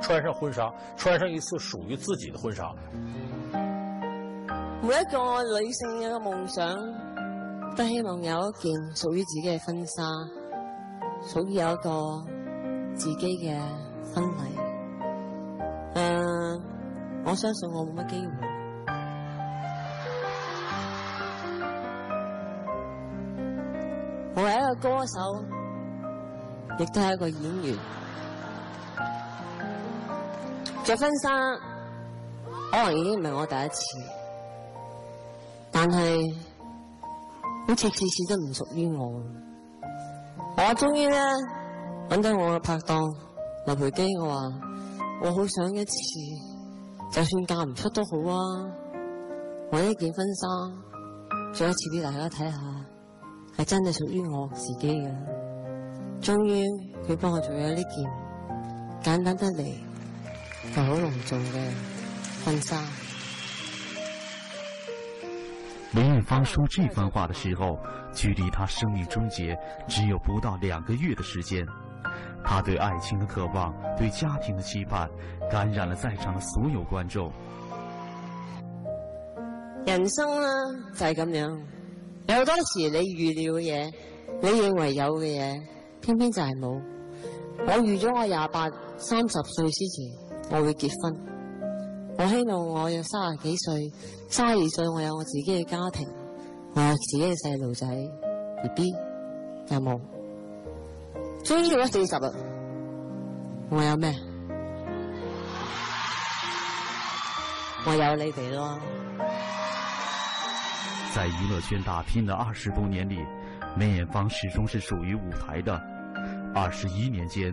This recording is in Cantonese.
穿上婚紗，穿上一次屬於自己的婚紗。每一個女性嘅夢想，都希望有一件屬於自己嘅婚紗，屬於有一個自己嘅婚禮。誒、呃，我相信我冇乜機會。我係一個歌手，亦都係一個演員。着婚紗可能已經唔係我第一次，但係好似次次都唔屬於我。我終於呢揾到我嘅拍檔劉培基，我話我好想一次，就算嫁唔出都好啊，搵一件婚紗做一次俾大家睇下，係真係屬於我自己嘅。終於佢幫我做咗呢件，簡單得嚟，係好隆重嘅婚紗。梅艷芳說這番話的時候，距離她生命終結只有不到兩個月的時間。她對愛情的渴望，對家庭的期盼，感染了在場的所有觀眾。人生啦，就係咁樣，有好多時你預料嘅嘢，你認為有嘅嘢，偏偏就係冇。我預咗我廿八、三十歲之前。我會結婚，我希望我有三十幾歲，三十二歲我有我自己嘅家庭，我有自己嘅細路仔，B B 有冇？終於到咗四十啦，我有咩？我有你哋咯。在娛樂圈打拼嘅二十多年裏，梅艷芳始終是屬於舞台嘅。二十一年間。